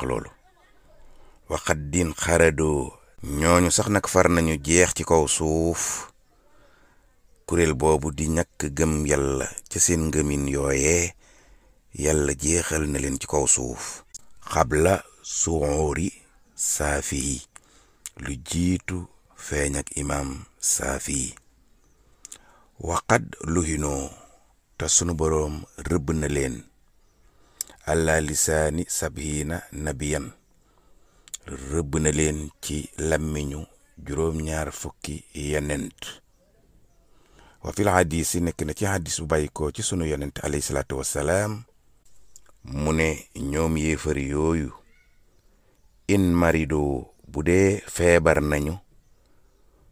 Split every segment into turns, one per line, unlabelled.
dàq loolu waxat diin xaradoo ñooñu sax nag far nañu jeex ci kaw suuf kuréel boobu di ñakk gëm yàlla ca seen ngëmin yooyee yàlla jeexal na leen ci kaw suuf xabla suuri saafi lu jiitu feeñ ak imaam saafi waxat luhinoo te sunu boroom rëbb na leen ala lisaani sabhina nabiyan rëbb na leen ci làmmiñu juróom-ñaar fukki yonent wa fil hadis nekk na ci hadis bu ci sunu yonent alayhi salaatu wassalaam mu ne ñoom yéefar yooyu in marido bu dee feebar nañu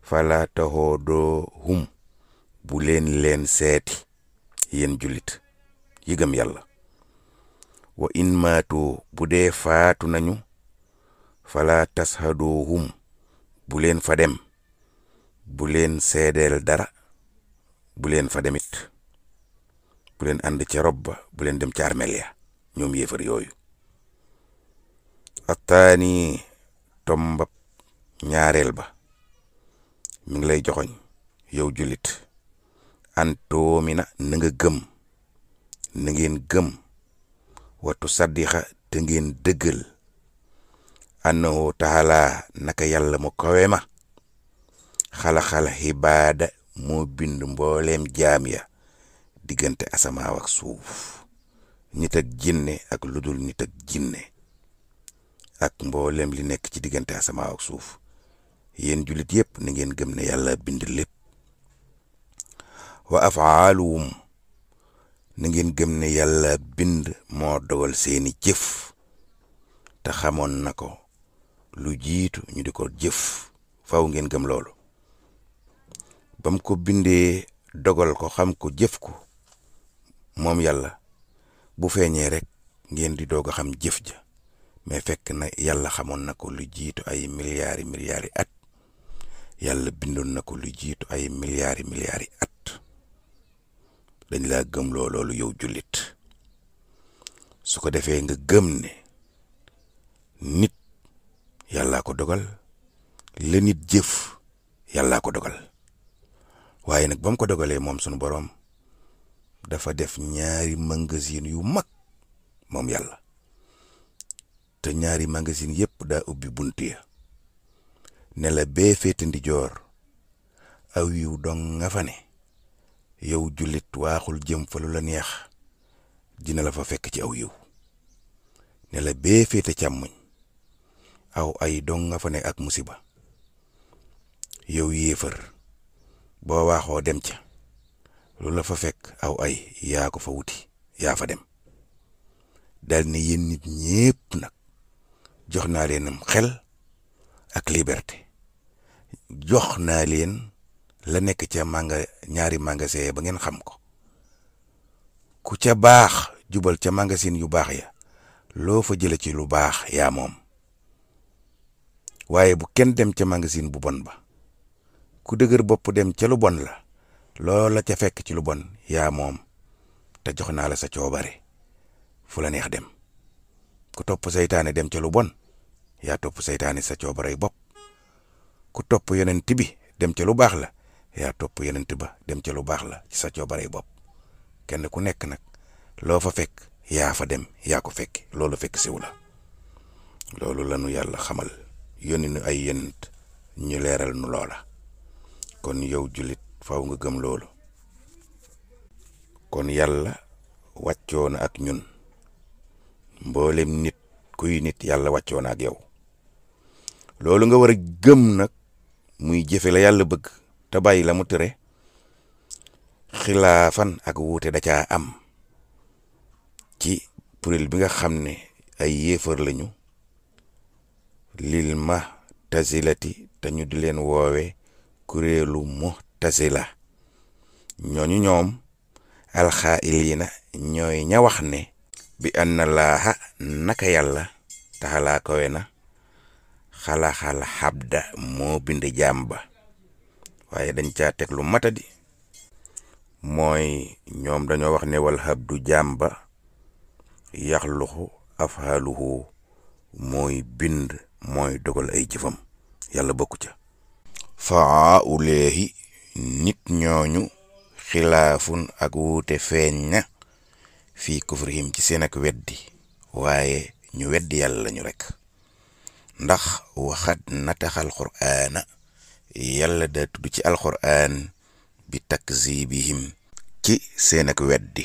fala hum bu leen leen seeti yéen jullit yëgam yàlla wa in maatu bu dee faatu nañu fala tashadoohum bu leen fa dem bu leen seedeel dara bu leen fa demit bu leen ànd ca ba bu leen dem ca ñoom ya ñoom yéefar yooyu attaani tombab ñaareel ba mi ngi lay joxoñ yow julit antoomina na nga gëm na ngeen gëm wattu saddixa te ngeen dëggal annahu taala naka yàlla mu kawe ma xala-xala baada mo bind mbooleem jaam ya diggante asamaaw ak suuf nit jinne ak ludul nit jinne ak mboolem li nekk ci diggante asamaaw ak suuf yéen julit yépp na ngeen gëm ne yàlla bind lépp wa afaaluhum na ngeen gëm ne yàlla bind moo dogal seeni jëf te xamoon na ko lu jiitu ñu di ko jëf faw ngeen gëm loolu bam ko bindee dogal ko xam ko jëf ko moom yàlla bu feeñee rek ngeen di doog a xam jëf ja mais fekk na yàlla xamoon na ko lu jiitu ay milliards milliards at yàlla bindoon na ko lu jiitu ay milliards milliards at dañ laa gëmloo loolu yow jullit su ko defee nga gëm ne nit yàllaa ko dogal la nit jëf yàllaa ko dogal waaye nag ba ko dogalee moom sunu borom dafa def ñaari magasin yu mag moom yàlla te ñaari magasin yëpp daa ubbi bunt ya ne la bee féete ndijoor aw yiw dong nga fa ne yow jullit waaxul jëm fa lu la neex dina la fa fekk ci aw yiw ne la bee féete càmmoñ aw ay dong nga fa ne ak musiba yow yéefar boo waaxoo dem ca lu la fa fekk aw ay yaa ko wuti yaa dem daal ne yéen nit ñépp nag jox naa leenam xel ak liberte jox naa leen la nekk ca manga ñaari magasin ya ba ngeen xam ko ku ca baax jubal ca magasin yu baax ya loo fa jële ci lu baax yaa moom waaye bu kenn dem ca magasin bu bon ba ku dëgër bopp dem ca lu bon la loo la ca fekk ci lu bon ya moom te jox naa la sa coobare fu la neex dem ku topp seytaane dem ca lu bon yaa topp seytaane sa coobare bopp ku topp yonent bi dem ca lu baax la yaa topp yenent ba dem ca lu baax la ci sa coobaree bopp kenn ku nekk nag loo fa fekk yaa fa dem yaa ko fekk loolu fekk siw la loolu la nu yàlla xamal yónni nu ay yenent ñu leeral nu loola kon yow julit faw nga gëm loolu kon yàlla wàccoona ak ñun mboolem nit kuy nit yàlla wàccoona ak yow loolu nga war a gëm nag muy jëfe la yàlla bëgg te bàyyi la mu tere xilaafan ak wuute da caa am ci kuréel bi nga xam ne ay yéefar lañu lil ma tasilati te ñu di leen woowe kuréelu mu tasila ñooñu ñoom alxaa'iliina ñooy ña wax ne bi anna laaha naka yàlla taxalaa kowe na xalaxal xabda moo bind jaam ba waaye dañ caa teg lu matadi mooy ñoom dañoo wax ne wal habdu jaam ba yaxluxu afhaluhu mooy bind mooy dogal ay jifam yàlla bokku ca faa uleehi nit ñooñu xilaafun ak wuute feeñ na fii kufrihim ci seen ak weddi waaye ñu weddi yàlla lañu rek ndax waxat nataxal qur'aana yàlla daa ci alxuraan bi takzibihim ci seen ak weddi